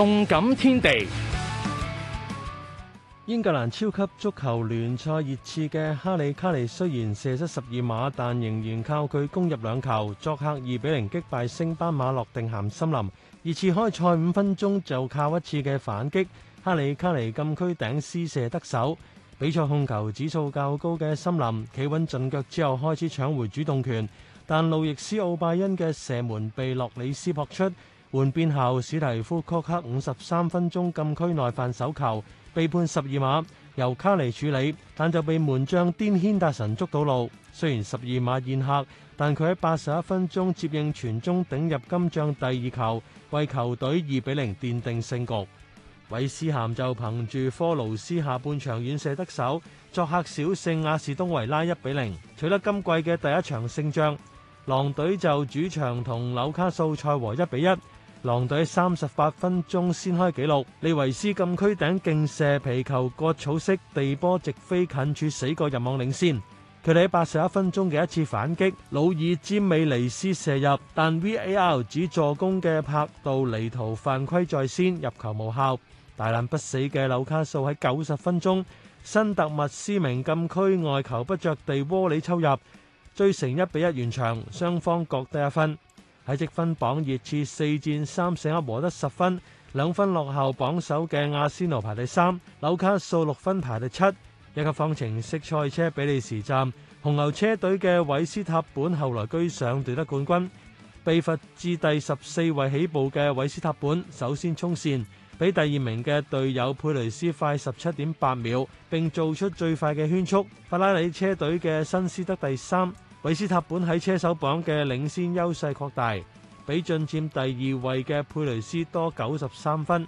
動感天地，英格蘭超級足球聯賽，熱刺嘅哈利卡尼雖然射失十二碼，但仍然靠佢攻入兩球，作客二比零擊敗升班馬諾定咸森林。熱刺開賽五分鐘就靠一次嘅反擊，哈利卡尼禁區頂試射得手。比賽控球指數較高嘅森林企穩陣腳之後開始搶回主動權，但路易斯奧拜恩嘅射門被洛里斯撲出。換邊後，史提夫·曲克五十三分鐘禁區內犯手球，被判十二碼由卡尼處理，但就被門將甸軒達臣捉到路。雖然十二碼宴客，但佢喺八十一分鐘接應傳中頂入今仗第二球，為球隊二比零奠定勝局。韋斯咸就憑住科勞斯下半場遠射得手，作客小勝亞士東維拉一比零，0，取得今季嘅第一場勝仗。狼隊就主場同紐卡素賽和一比一。1, 狼隊三十八分鐘先開紀錄，利維斯禁區頂勁射皮球割草式地波直飛近處，死角入網領先。佢哋喺八十一分鐘嘅一次反擊，老爾詹美尼斯射入，但 VAR 指助攻嘅拍杜尼圖犯規在先，入球無效。大難不死嘅紐卡素喺九十分鐘，新特密斯明禁區外球不着地，窩裏抽入，追成一比一完場，雙方各得一分。喺積分榜熱刺四戰三勝一和，得十分，兩分落後榜首嘅阿仙奴排第三，紐卡素六分排第七。一級方程式賽車比利時站，紅牛車隊嘅韋斯塔本後來居上奪得冠軍。被罰至第十四位起步嘅韋斯塔本首先衝線，比第二名嘅隊友佩雷斯快十七點八秒，並做出最快嘅圈速。法拉利車隊嘅辛斯得第三。維斯塔本喺車手榜嘅領先優勢擴大，比進佔第二位嘅佩雷斯多九十三分。